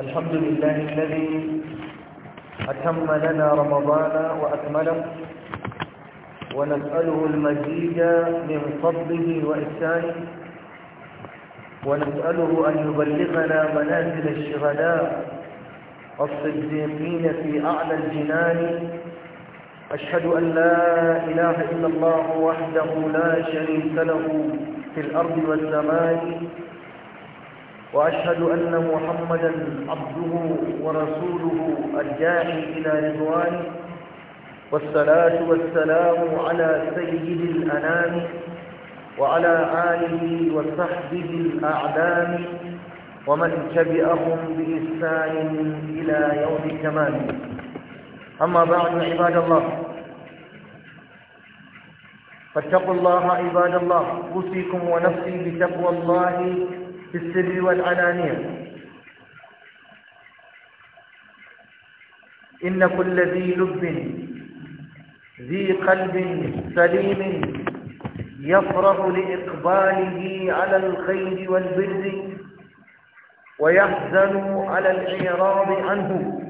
الحمد لله الذي أتم لنا رمضان وأكمله ونسأله المزيد من فضله وإحسانه ونسأله أن يبلغنا منازل الشهداء الصديقين في أعلى الجنان أشهد أن لا إله إلا الله وحده لا شريك له في الأرض والسماء وأشهد أن محمدا عبده ورسوله الداعي إلى رضوانه والصلاة والسلام على سيد الأنام وعلى آله وصحبه الأعدام ومن تبعهم بإحسان إلى يوم الكمال أما بعد عباد الله فاتقوا الله عباد الله أوصيكم ونفسي بتقوى الله في السر والعلانية إن كل ذي لب ذي قلب سليم يفرح لإقباله على الخير والبر ويحزن على الإعراض عنه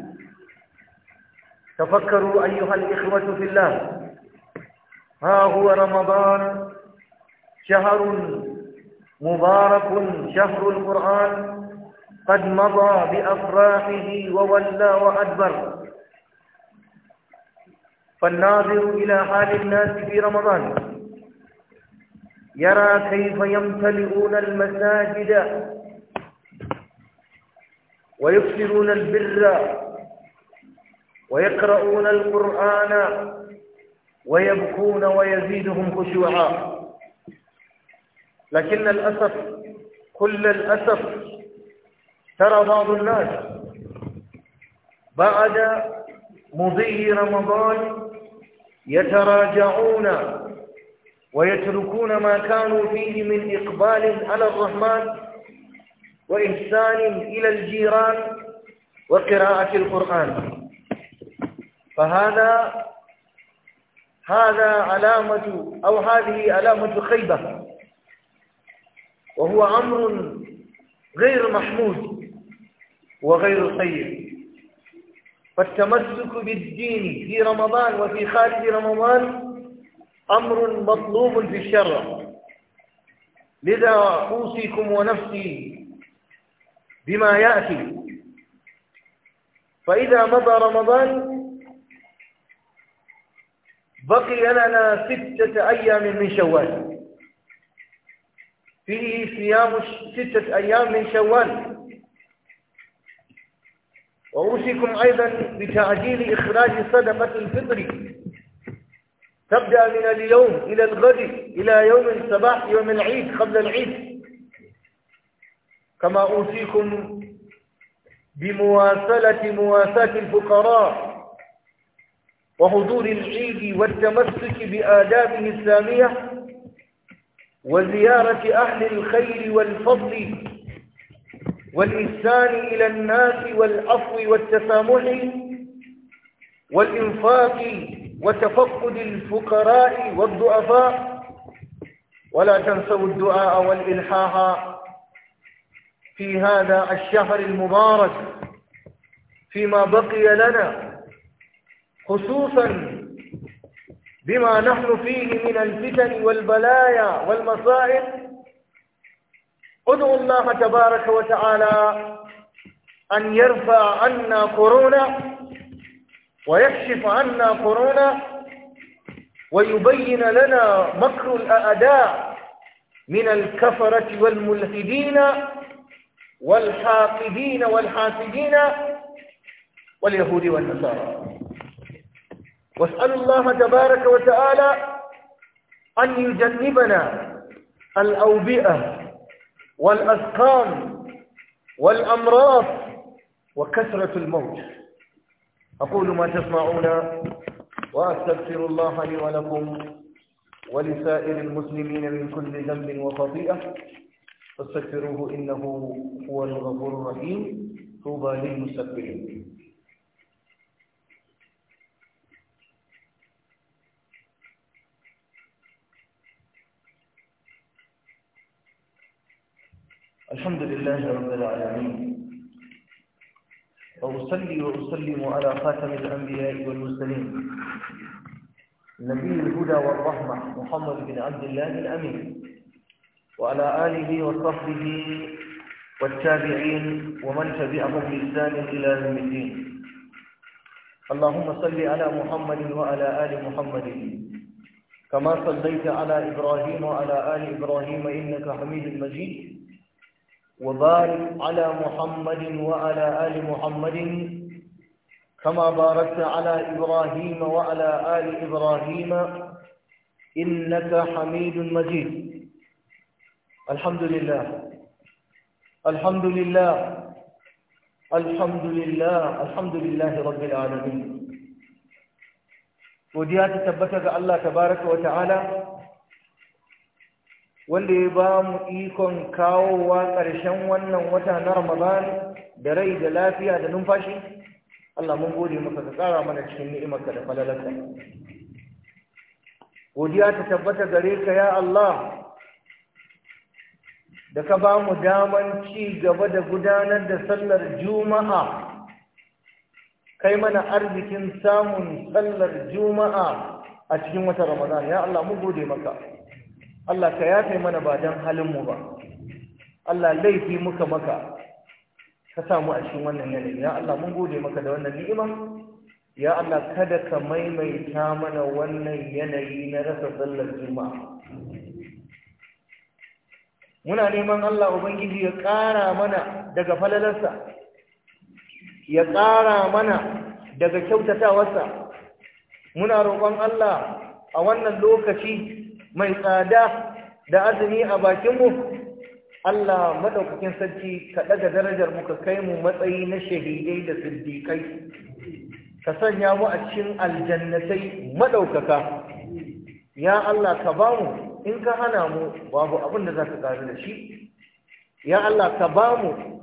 تفكروا أيها الإخوة في الله ها هو رمضان شهر مبارك شهر القرآن قد مضى بأفراحه وولى وأدبر فالناظر إلى حال الناس في رمضان يرى كيف يمتلئون المساجد ويكثرون البر ويقرؤون القرآن ويبكون ويزيدهم خشوعا لكن الأسف كل الأسف ترى بعض الناس بعد مضي رمضان يتراجعون ويتركون ما كانوا فيه من إقبال على الرحمن وإحسان إلى الجيران وقراءة القرآن فهذا هذا علامة أو هذه علامة خيبة وهو أمر غير محمود وغير طيب فالتمسك بالدين في رمضان وفي خارج رمضان أمر مطلوب في الشرع لذا أوصيكم ونفسي بما يأتي فإذا مضى رمضان بقي لنا ستة أيام من شوال فيه صيام ستة أيام من شوال وأوصيكم أيضا بتعجيل إخراج صدقة الفطر تبدأ من اليوم إلى الغد إلى يوم الصباح يوم العيد قبل العيد كما أوصيكم بمواصلة مواساة الفقراء وحضور العيد والتمسك بآدابه السامية وزيارة أهل الخير والفضل والإحسان إلى الناس والعفو والتسامح والإنفاق وتفقد الفقراء والضعفاء ولا تنسوا الدعاء والإلحاح في هذا الشهر المبارك فيما بقي لنا خصوصا بما نحن فيه من الفتن والبلايا والمصائب ادعو الله تبارك وتعالى أن يرفع عنا قرونا ويكشف عنا قرونا ويبين لنا مكر الأعداء من الكفرة والملحدين والحاقدين والحاسدين واليهود والنصارى واسأل الله تبارك وتعالى أن يجنبنا الأوبئة والأسقام والأمراض وكثرة الموت أقول ما تسمعون وأستغفر الله لي ولكم ولسائر المسلمين من كل ذنب وخطيئة فاستغفروه إنه هو الغفور الرحيم طوبى للمستغفرين الحمد لله رب العالمين وأصلي وأسلم على خاتم الأنبياء والمرسلين نبي الهدى والرحمة محمد بن عبد الله الأمين وعلى آله وصحبه والتابعين ومن تبعهم بإحسان إلى يوم الدين اللهم صل على محمد وعلى آل محمد كما صليت على إبراهيم وعلى آل إبراهيم إنك حميد مجيد وبارك على محمد وعلى آل محمد كما باركت على إبراهيم وعلى آل إبراهيم إنك حميد مجيد الحمد لله الحمد لله الحمد لله الحمد لله رب العالمين وديات تبتك الله تبارك وتعالى wanda ya ba mu ikon kawowa ƙarshen wannan wata na Ramadan da rai da lafiya da numfashi Allah mun gode maka ka kara mana cikin ni'imarka da falalarka godiya ta tabbata gare ka ya Allah da ka ba mu daman ci gaba da gudanar da sallar juma'a kai mana arzikin samun sallar juma'a a cikin wata Ramadan ya Allah mun gode maka Allah ka yafe mana ba don mu ba Allah laifi muka maka ka samu a cikin wannan yanayi ya Allah mun gode maka da wannan ni'ima ya Allah kada ka maimaita mana wannan yanayi na rasa sallar juma'a muna neman Allah ubangiji ya ƙara mana daga falalarsa ya ƙara mana daga kyautatawarsa muna roƙon Allah a wannan lokaci mai tsada da azumi a bakinmu Allah maɗaukakin sarki ka daga darajar muka kai mu matsayi na shahidai da siddiƙai ka sanya mu a cikin aljannatai madaukaka ya Allah ka ba mu in ka hana mu babu abin da za ka ƙaru da shi ya Allah ka ba mu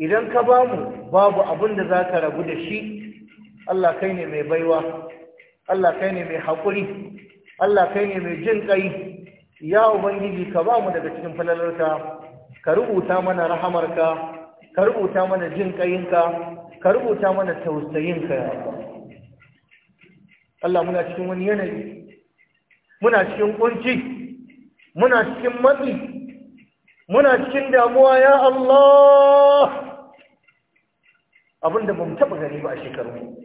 idan ka ba mu babu abin da za ka rabu da shi Allah kai ne mai baiwa Allah kai ne mai haƙuri Allah kai ne mai jin kai ya ubangiji ka ba mu daga cikin falalarka ka rubuta mana rahamarka ka rubuta mana jin kayinka ka rubuta mana tausayinka ya Allah muna cikin wani yanayi muna cikin ƙunci. muna cikin matsi muna cikin damuwa ya Allah abinda ba mu taba gani ba a shekaru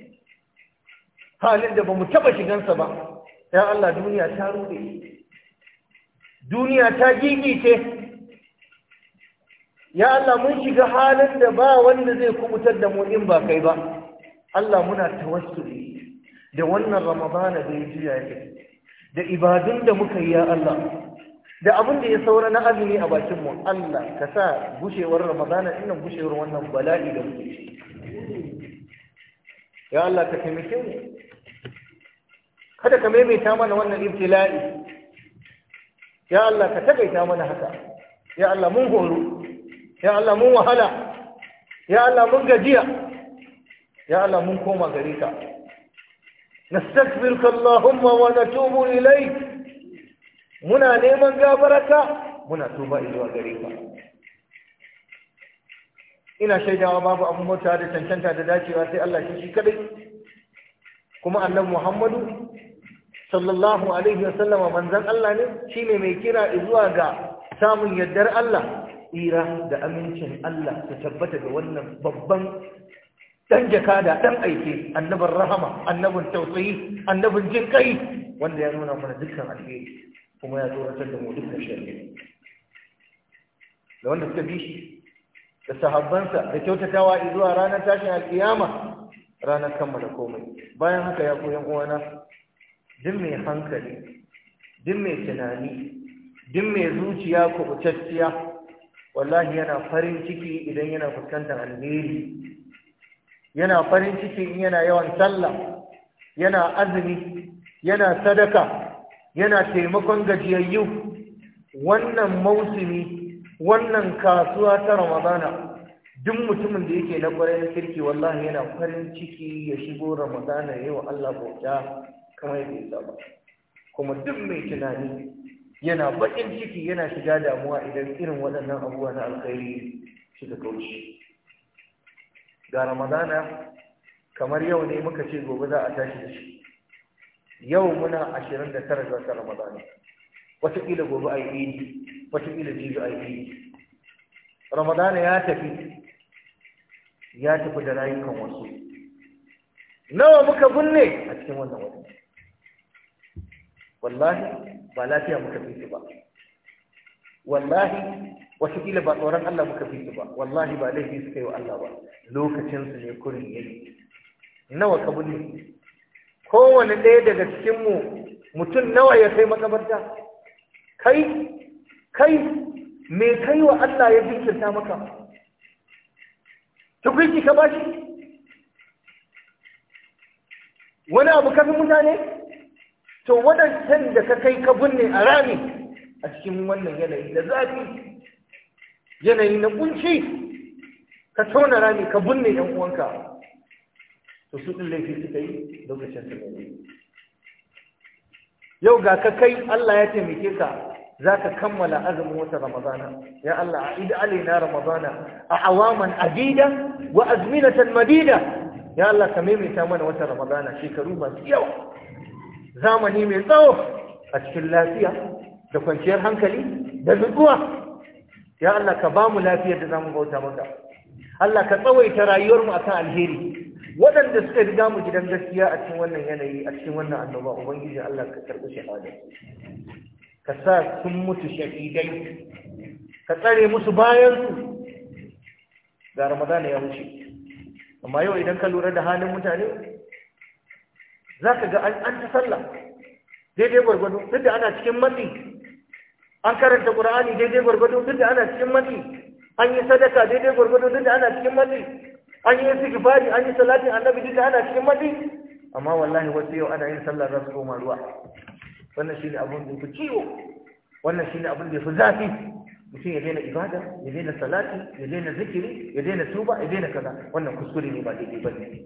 halin da bamu mu taba shigansa ba ya Allah duniya ta ruɗe, duniya ta gigice ya Allah mun shiga halin da ba wanda zai kubutar da mu in ba kai ba Allah muna tawassuli da wannan ramadana da ya juya da ibadun da muka yi ya Allah da abin da ya saura na azumi a bakin mu Allah ka sa gushewar ramadana dinnan gushewar wannan bala'i da muke ya Allah ka taimake mu kada ka maimaita mana wannan ibtila'i ya Allah ka takaita mana haka ya Allah mun horo ya Allah mun wahala ya Allah mun gajiya ya Allah mun koma gare ka nastaghfiruka Allahumma wa natubu ilayk muna neman gafararka muna tuba zuwa gare ka ina shaidawa babu abin mota da cancanta da dacewa sai Allah shi shi kadai kuma annabi Muhammadu sallallahu alaihi wa sallama. manzan Allah ne shi ne mai kira zuwa ga samun yardar Allah tsira da amincin Allah ta tabbata ga wannan babban dan jakada dan aiki, annabin rahama annabin tausayi annabin jin kai wanda ya nuna mana dukkan alheri kuma ya tsoratar da mu dukkan sharri da wanda suka bi shi da sahabbansa da kyautatawa zuwa ranar tashin alkiyama ranar kammala komai bayan haka ya koyan uwana duk mai hankali duk mai tunani duk mai zuciya ko kubutacciya wallahi yana farin ciki idan yana fuskantar alheri yana farin ciki in yana yawan sallah yana azumi yana sadaka yana taimakon gajiyayyu wannan mausumi wannan kasuwa ta ramadana duk mutumin da yake na kwarai kirki wallahi yana farin ciki ya shigo ramadana ya yi wa Allah bauta kamar yadda ya saba kuma duk mai tunani yana baƙin ciki yana shiga damuwa idan irin waɗannan abubuwa na alkhairi suka kauce ga ramadana kamar yau ne muka ce gobe za a tashi da shi yau muna ashirin da tara ga ramadana wataƙila gobe a yi idi wataƙila jibi a yi idi ramadana ya tafi ya tafi da rayukan wasu nawa muka binne a cikin wannan wata wallahi ba lafiya muka fi su ba wallahi wasu kila ba tsoron Allah muka fi su ba wallahi ba laifi suka yi wa Allah ba lokacin su ne kurin yayi nawa ka bulle kowane ɗaya daga cikin mu mutum nawa ya kai makabarta kai kai me kai wa Allah ya bincika maka tukunci ka bashi wani abu kafin mutane to waɗancan da ka kai ka binne a rami a cikin wannan yanayi da zafi yanayi na kunshi, ka tona rami ka binne ɗan uwanka to su ɗin laifi suka yi lokacin su ne yau ga ka kai Allah ya taimake ka za ka kammala azumin wata ramadana ya Allah a ida alaina ramadana a awaman adida wa azminatan madida ya Allah ka maimaita mana wata ramadana shekaru masu yawa zamani mai tsawo a cikin lafiya da kwanciyar hankali da nutsuwa ya Allah ka ba mu lafiyar da zamu bauta maka Allah ka tsawaita rayuwarmu akan alheri waɗanda suka riga mu gidan gaskiya a cikin wannan yanayi a cikin wannan annoba ubangiji Allah ka karɓi shahada ka sa sun mutu shahidai ka tsare musu bayan su ga ramadana ya wuce amma yau idan ka lura da halin mutane za ka ga an ta sallah daidai gwargwado duk da ana cikin matsi an karanta ƙur'ani daidai gwargwado duk da ana cikin matsi an yi sadaka daidai gwargwado duk da ana cikin matsi an yi istighfari an yi salatin annabi duk da ana cikin matsi amma wallahi wasu yau ana yin sallah za su koma ruwa wannan shi ne abin da ya fi ciwo wannan shi ne abin da ya fi zafi mutum ya daina ibada ya daina salati ya daina zikiri ya daina tuba ya daina kaza wannan kuskure ne ba daidai ba ne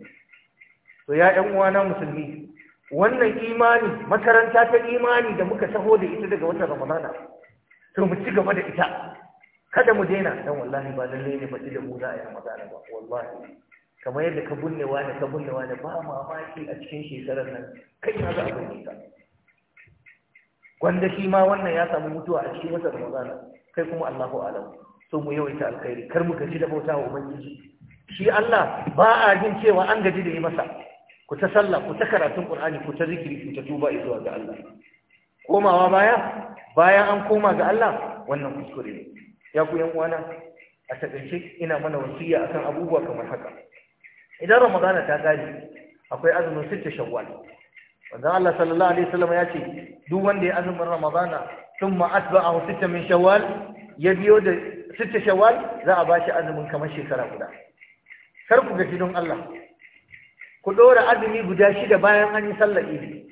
to ya ƴan uwana musulmi wannan imani makaranta ta imani da muka taho da ita daga watan ramadana to mu ci gaba da ita kada mu daina dan wallahi ba lalle ne ba da mu za a yi magana ba wallahi kamar yadda ka bunne wani ka bunne wani ba mamaki a cikin shekarar nan kai ma za a bunne ka wanda shi ma wannan ya samu mutuwa a cikin watan ramadana kai kuma Allahu alam so mu yawaita alkhairi kar mu gaji da bauta wa ubangiji shi Allah ba a jin cewa an gaji da yi masa ku ta sallah ku ta karatun qur'ani ku ta zikiri ku ta tuba zuwa ga Allah komawa baya bayan an koma ga Allah wannan kuskure ne ya ku yan uwana a takaice ina mana wasiya akan abubuwa kamar haka idan ramadana ta gari akwai azumin sitta shawwal wanda Allah sallallahu alaihi wasallam ya ce duk wanda ya azumin ramadana thumma atba'ahu sitta min shawwal ya biyo da sitta shawwal za a bashi azumin kamar shekara guda kar ku gaji don Allah ku ɗora azumi guda shida bayan an yi sallar idi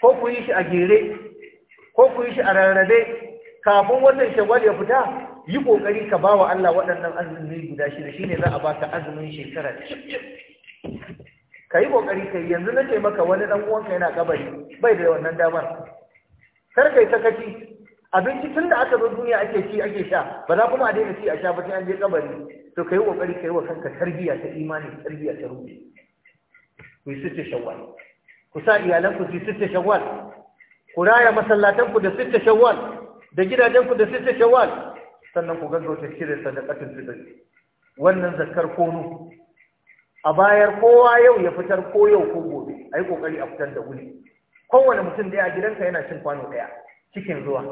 ko ku yi shi a gere ko ku yi shi a rarrabe kafin wannan shawar ya fita yi kokari ka ba wa Allah waɗannan azumi guda shida Shi ne za a baka azumin shekara ka yi kokari kai yanzu na ce maka wani ɗan uwanka yana kabari bai da wannan damar kar kai sakaci abinci tun da aka zo duniya ake ci ake sha ba za kuma a daina ci a sha ba sai an je kabari to kai ka yi wa kanka tarbiyya ta imani tarbiyya ta ruhi ku yi sitte shawwal ku sa iyalanku su yi sitte shawwal ku raya masallatanku da sitte shawwal da gidajenku da sitte shawwal sannan ku gaggauta cire sadaqatul fitr wannan zakar kono a bayar kowa yau ya fitar ko yau ko gobe ayi kokari a fitar da wuri kowane mutum da ya gidanka yana cin kwano daya cikin ruwa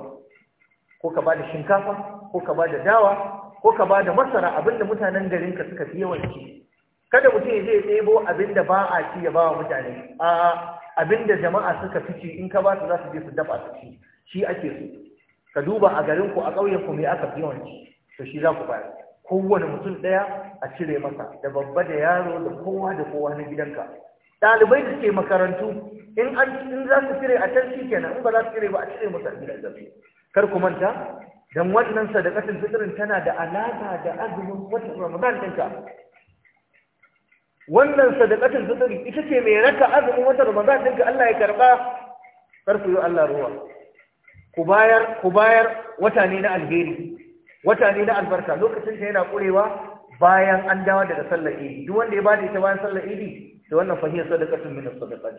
ko ka bada shinkafa ko ka bada dawa ko ka bada masara abinda mutanen garinka suka fi yawan ci kada mutum ya je ya ɗebo abin da ba a ci ya ba wa mutane a abin da jama'a suka fi ci in ka ba su za su je su dafa su ci shi ake so ka duba a garin ku a ƙauyen ku me aka fi yawan ci to shi za ku bayar kowane mutum ɗaya a cire masa da babba da yaro da kowa da kowa na gidanka ɗalibai da suke makarantu in an in za su cire a can shi kenan in ba za su cire ba a cire masa gidan da kar ku manta dan wannan sadaqatul fitrin tana da alaka da azumin watan Ramadan ɗinka wannan sadaqatul fitr ita ce mai raka azumin wata ramadan din ka Allah ya karba ku yi Allah ruwa ku bayar ku bayar wata ne na alheri wata ne na albarka lokacin ta yana kurewa bayan an dawo daga sallar idi duk wanda ya bada ita bayan sallar idi da wannan fahiyar sadaqatun min sadaqat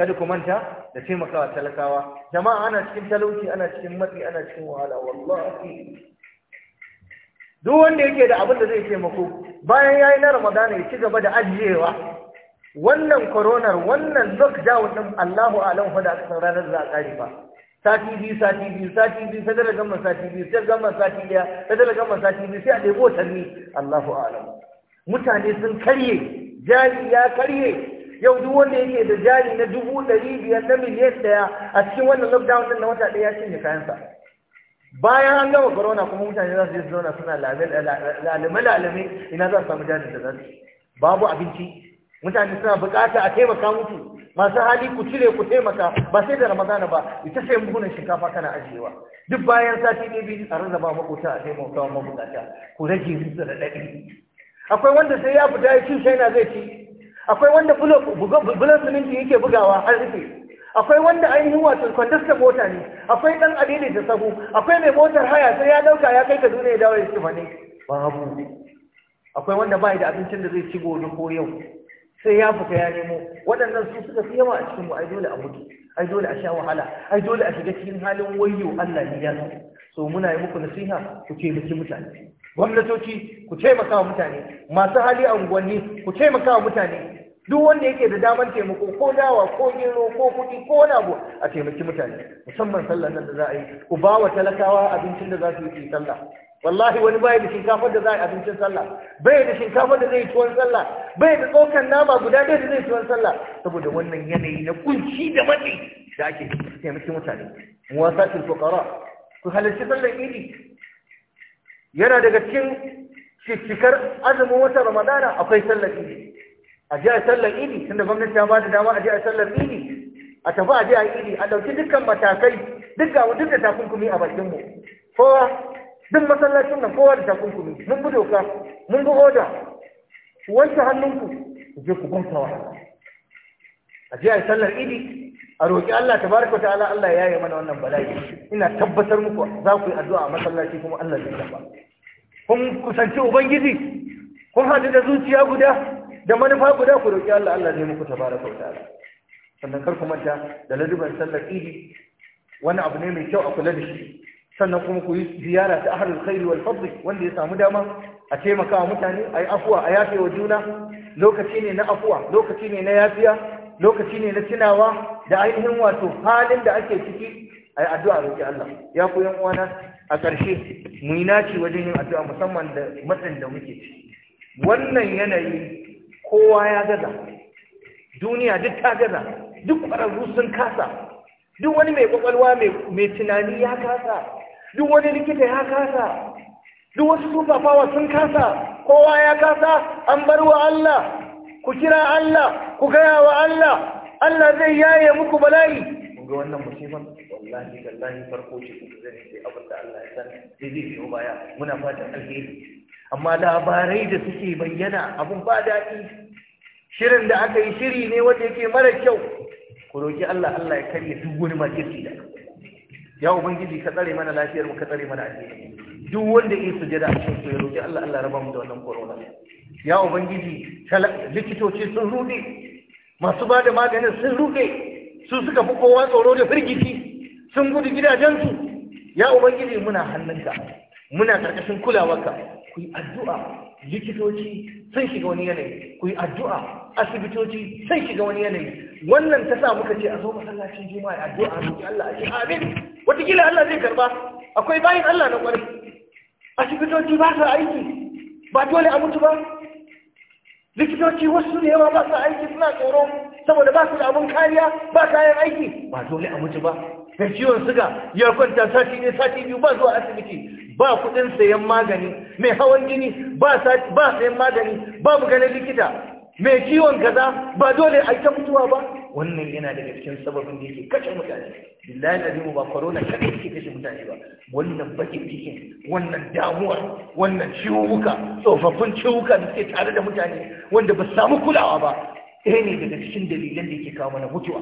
kada ku manta da taimakawa talakawa jama'a ana cikin talauci ana cikin matsi ana cikin wahala wallahi duk wanda yake da abin da zai taimako bayan yayi na ramadana ya ci gaba da ajiyewa wannan coronar wannan lockdown din Allahu a'lam fa da aka ranar za a kare ba sati biyu sati biyu sati biyu sai daga gama sati biyu sai gama sati daya sai daga gama sati biyu sai a dai ni Allahu a'lam mutane sun karye jari ya karye yau duk wanda yake da jari na dubu ɗari biyar na miliyan ɗaya a cikin wannan lockdown din na wata ɗaya ya cinye kayansa bayan an gama korona kuma mutane za su yi su zauna suna lalame-lalame ina za su samu jarin da za babu abinci mutane suna bukata a taimaka mutu masu hali ku cire ku taimaka ba sai da ramadana ba ita sai buhunan shinkafa kana ajiyewa duk bayan sati ne biyu a rarraba makota a taimaka wa mabukata ku rage rinsa da ɗaɗi akwai wanda sai ya fita ya ci shaina zai ci akwai wanda bulan siminti yake bugawa har rufe akwai wanda ainihin wato kwandasta mota ne akwai dan adili da sahu akwai mai motar haya sai ya dauka ya kai ka ya dawo ya tufa ne babu akwai wanda bai da abincin da zai ci gobe ko yau sai ya fita ya nemo waɗannan su suka fi yawa a cikin mu ai dole a mutu ai dole a sha wahala ai dole a shiga cikin halin wayyo Allah ya yi so muna yi muku nasiha ku ce miki mutane gwamnatoci ku taimaka wa mutane masu hali a unguwanni ku taimaka wa mutane duk wanda yake da damar taimako ko dawa ko gero ko kuɗi ko wani abu a taimaki mutane musamman sallah nan da za a yi ku ba wa talakawa abincin da za su yi sallah wallahi wani baya da shinkafar da za a yi abincin sallah bai da shinkafar da zai tuwon sallah bai da tsokan nama guda ɗaya da zai tuwon sallah saboda wannan yanayi na kunci da matsi da ake taimaki mutane wasa ko ƙara. ku halarci sallar idi yana daga cikin cikar azumin wata ramadana akwai sallar idi a je a sallar idi tunda gwamnati ta ba da dama a je a sallar idi a tafi a je a idi a ɗauki dukkan matakai duk ga duk da takunkumi a bakin mu kowa duk masallacin nan kowa da takunkumi mun bi doka mun bi oda ku wanke hannunku ku je ku gwamta wa a je a sallar idi a roƙi Allah tabaraka ta'ala Allah ya yi mana wannan bala'i ina tabbatar muku za ku yi addu'a a masallaci kuma Allah zai tafa. kun kusanci ubangiji kun haɗu da zuciya guda da manufa guda ku roƙi Allah Allah zai muku tabaraka wa ta'ala sannan kar ku manta da ladubar sallar idi wani abu ne mai kyau a kula da shi sannan kuma ku yi ziyara ta ahlul khairi wal fadl wanda ya samu dama a taimaka wa mutane ayi afuwa a yafe wa juna lokaci ne na afuwa lokaci ne na yafiya lokaci ne na tunawa da ainihin wato halin da ake ciki ayi addu'a roƙi Allah ya ku yan uwana a ƙarshe mu yi naci wajen yin addu'a musamman da matsin da muke ci wannan yanayi kowa ya gaza duniya duk ta gaza duk ƙwararru sun kasa duk wani mai ƙwaƙwalwa mai tunani ya kasa duk wani likita ya kasa duk wasu sufafawa sun kasa kowa ya kasa an bar wa Allah ku kira Allah ku gaya wa Allah Allah zai yaye muku bala'i ga wannan musibar wallahi gallahi farko ce ku zai ce abin da Allah ya san sai zai biyo baya muna fatan alheri amma labarai da suke bayyana abin ba daɗi shirin da aka yi shiri ne wanda yake mara kyau ku roki Allah Allah ya karye duk wani makirci da ya ubangiji ka tsare mana lafiyar mu ka tsare mana addini duk wanda yake sujada a cikin ya roki Allah Allah raba mu da wannan corona ya ubangiji likitoci sun rude masu ba da maganin sun rude su suka fi kowa tsoro da firgici sun gudu gidajensu ya ubangiji muna hannunka muna karkashin kulawarka ku yi addu'a likitoci sun shiga wani yanayi ku yi addu'a asibitoci sai shiga wani yanayi wannan ta sa muka ce a zo masallacin juma'a a addu'a roki Allah a ce amin wataƙila Allah zai karba akwai bayin Allah na kwarai asibitoci ba sa aiki ba dole a mutu ba likitoci wasu da yawa ba sa aiki suna tsoro saboda ba su da abin kariya ba kayan aiki ba dole a mutu ba da ciwon suga ya kwanta sati ne sati biyu ba zuwa asibiti ba kudin sayan magani mai hawan jini ba sayan magani babu ganin likita mai kiwon kaza ba dole a ta mutuwa ba wannan yana daga cikin sababin da yake kashe mutane billahi azimu ba corona kada yake kashe mutane ba wannan bakin cikin wannan damuwar wannan ciwuka tsofaffin ciwuka da suke tare da mutane wanda ba su samu kulawa ba ɗaya ne daga cikin dalilan da ke kawo mana mutuwa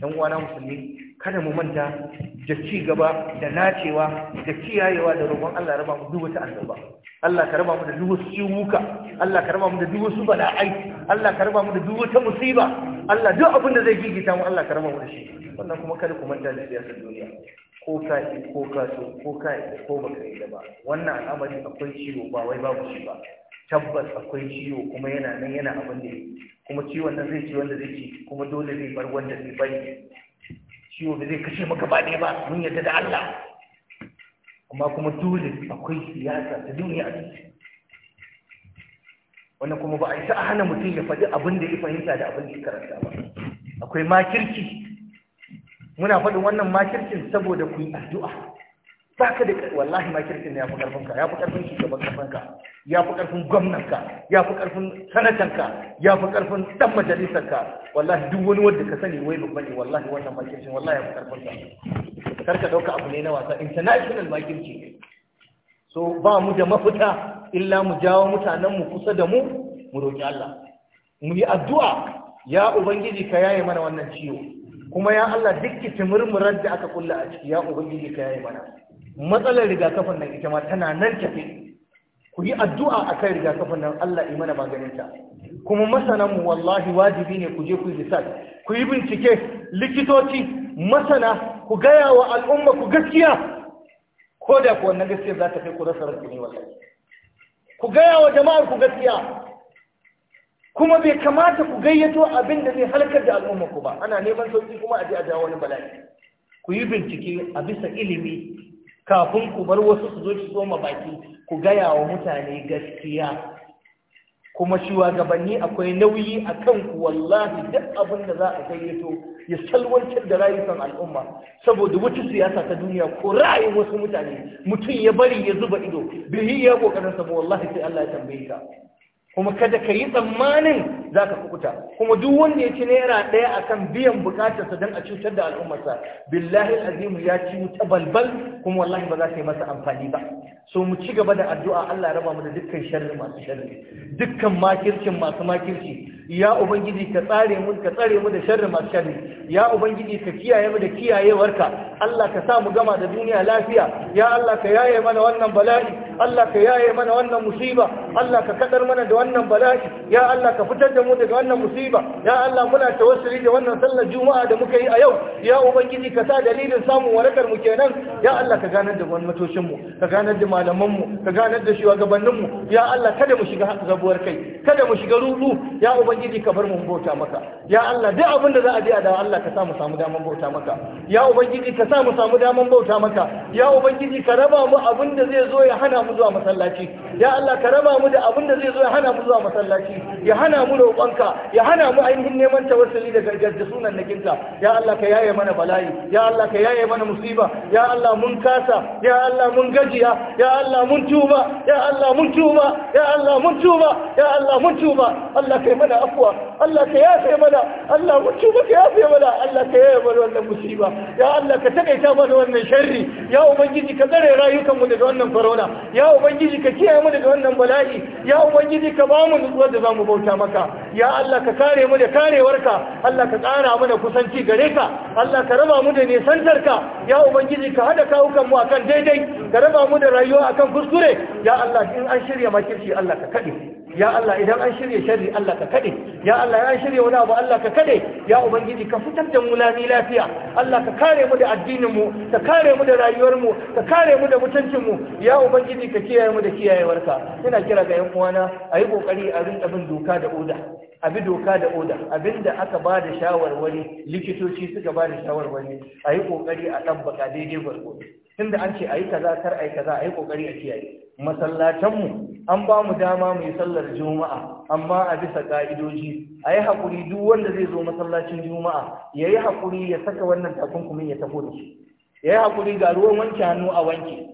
don uwana musulmi kada mu manta da ci gaba da nacewa da kiyayewa da roƙon Allah raba mu duk wata annoba Allah ka raba mu da duk wasu ciwuka Allah ka raba mu da duk wasu bala'ai Allah ka raba mu da duk wata musiba Allah duk abin da zai gigita mu Allah ka raba mu da shi wannan kuma kada ku manta da siyasar duniya ko ka ko ka ko ka ko baka yi ba wannan al'amari akwai ciwo ba wai babu shi ba tabbas akwai ciwo kuma yana nan yana abin da kuma ciwon nan zai ci wanda zai ci kuma dole zai bar wanda zai bari ciwo da zai kashe maka ba ɗaya ba mun yarda da Allah amma kuma dole akwai siyasa ta duniya a ciki wannan kuma ba a yi a hana mutum ya faɗi abin da ya fahimta da abin da ya karanta ba akwai makirci muna faɗin wannan makircin saboda ku yi addu'a ba ka da wallahi ma kirkin ya fi karfin ka ya fi karfin shugaban karfin ka ya fi karfin gwamnan ka ya fi karfin sanatan ka ya fi karfin dan majalisar ka wallahi duk wani wanda ka sani wai babban ne wallahi wannan makircin wallahi ya fi karfin ka kar ka dauka abu ne na wasa international makirci ne so ba mu da mafita illa mu jawo mutanen mu kusa da mu mu roki Allah mu yi addu'a ya ubangiji ka yaye mana wannan ciwo kuma ya Allah duk kitimurmurar da aka kulla a ciki ya ubangiji ka yaye mana matsalar rigakafin nan ita ma tana nan tafi ku yi addu'a akan rigakafin nan Allah yi mana maganinta kuma masananmu wallahi wajibi ne ku je ku yi ku yi bincike likitoci masana ku gaya wa al'umma ku gaskiya ko da ku wannan gaskiyar za ta kai ku rasa rasu ne wallahi ku gaya wa jama'ar ku gaskiya kuma bai kamata ku gayyato abin da zai halakar da al'umma ku ba ana neman sauki kuma a je a jawo wani bala'i ku yi bincike a bisa ilimi kafin ku bar wasu su zo su soma baki ku gaya wa mutane gaskiya kuma shugabanni akwai nauyi a kanku wallahi duk abin da za a gayyato ya salwantar da rayukan al'umma saboda wata siyasa ta duniya ko ra'ayin wasu mutane mutum ya bari ya zuba ido bihi ya kokarin sa wallahi sai Allah ya tambaye ka kuma kada ka yi tsammanin za ka kukuta kuma duk wanda ya ci naira ɗaya akan biyan bukatarsa don a cutar da al'ummarsa billahi azimu ya ci wuta balbal kuma wallahi ba za ka yi masa amfani ba so mu ci gaba da addu'a Allah raba mu da dukkan sharri masu sharri dukkan makircin masu makirci ya ubangiji ka tsare mu ka tsare mu da sharri masu sharri ya ubangiji ka kiyaye mu da kiyayewarka Allah ka sa mu gama da duniya lafiya ya Allah ka yaye mana wannan bala'i Allah ka yaye mana wannan musiba Allah ka kadar mana da wannan bala'i ya Allah ka fitar da mu daga wannan musiba ya Allah muna tawassuli da wannan sallar juma'a da muka yi a yau ya ubangiji ka sa dalilin samun warakar mu kenan ya Allah ka ganar da gwamnatocin mu ka ganar da malaman mu ka ganar da shugabannin mu ya Allah kada mu shiga zabuwar kai kada mu shiga rudu ya ubangiji ka bar mu bauta maka ya Allah duk abin da za a je a da Allah ka sa mu samu daman bauta maka ya ubangiji ka sa mu samu daman bauta maka ya ubangiji ka raba mu abin da zai zo ya hana mu zuwa masallaci ya Allah ka raba mu mu da abin da zai zo ya hana mu zuwa masallaci ya hana mu roƙonka ya hana mu ainihin neman tawassuli da gargajiya sunan nakinka ya Allah ka yaye mana bala'i ya Allah ka yaye mana musiba ya Allah mun kasa ya Allah mun gajiya ya Allah mun tuba ya Allah mun tuba ya Allah mun tuba ya Allah mun tuba Allah kai mana afwa Allah ka yafe mana Allah mutu tuba ka yafe mana Allah ka yaye mana wannan musiba ya Allah ka takaita mana wannan sharri ya ubangiji ka tsare rayukan mu daga wannan corona ya ubangiji ka kiyaye mu daga wannan bala'i ya ubangiji ka ba mu nutsuwar da zamu bauta maka ya Allah ka kare mu da karewarka Allah ka tsara mana kusanci gare ka Allah ka raba mu da nisantarka ya ubangiji ka hada kawukan mu akan daidai ka raba mu da rayuwa akan kuskure ya Allah in an shirya makirci Allah ka kade ya Allah idan an shirya shari Allah ka kade ya Allah ya shirya wani abu Allah ka kade ya ubangiji ka fitar da mu lami lafiya Allah ka kare mu da addinin mu ka kare mu da rayuwar mu ka kare mu da mutuncin mu ya ubangiji ka kiyaye mu da ka. ina kira ga yan uwana ayi kokari a rinka bin doka da oda abi doka da oda abinda aka ba da shawarwari likitoci suka ba da shawarwari ayi kokari a tabbaka daidai gwargwado tunda an ce ayi kaza kar ayi kaza ayi kokari a kiyaye masallatanmu an ba mu dama mai sallar juma'a amma a bisa ka'idoji a yi haƙuri duk wanda zai zo masallacin juma'a ya yi haƙuri ya saka wannan takunkumin ya tafi da shi ya yi haƙuri ga ruwan wanke hannu a wanke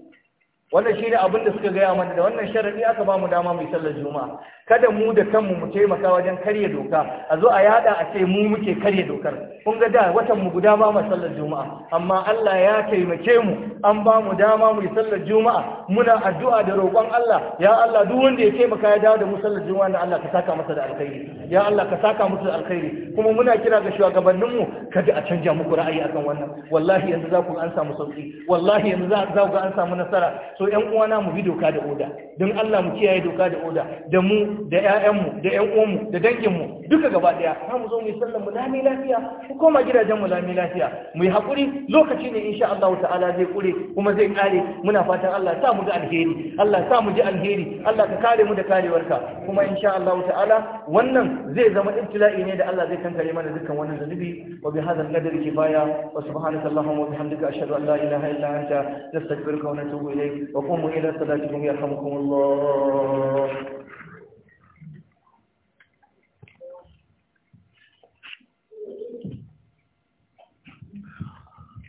wannan shi ne abin da suka gaya mana da wannan sharaɗi aka ba mu dama mai sallar juma'a kada mu da kanmu mu taimaka wajen karya doka a zo a yada a ce mu muke karya dokar kun ga da watan mu guda ba mu sallar juma'a amma Allah ya taimake mu an ba mu dama mu yi sallar juma'a muna addu'a da roƙon Allah ya Allah duk wanda ya taimaka ya dawo da mu sallar juma'a na Allah ka saka masa da alkhairi ya Allah ka saka musu da alkhairi kuma muna kira ga shugabannin mu kada a canja muku ra'ayi akan wannan wallahi yanzu za ku an samu sauki wallahi yanzu za ku ga an samu nasara so ƴan uwana mu bi doka da oda don Allah mu kiyaye doka da oda da mu da yayanmu da ƴan uwanmu da danginmu duka gaba ɗaya za mu zo mu yi sallar mu lami lafiya Ku koma gidajen mu lami lafiya mu yi haƙuri lokaci ne insha Allah ta'ala zai kure kuma zai kare muna fatan Allah sa mu ga alheri Allah sa mu ji alheri Allah ka kare mu da karewarka kuma insha Allah ta'ala wannan zai zama ibtila'i ne da Allah zai kankare mana dukkan wannan zanubi wa bi hadha al-qadri kifaya wa subhanaka allahumma wa bihamdika ashhadu an la ilaha illa anta nastaghfiruka wa natubu ilayk wa qumu ila salatikum yarhamukum Allah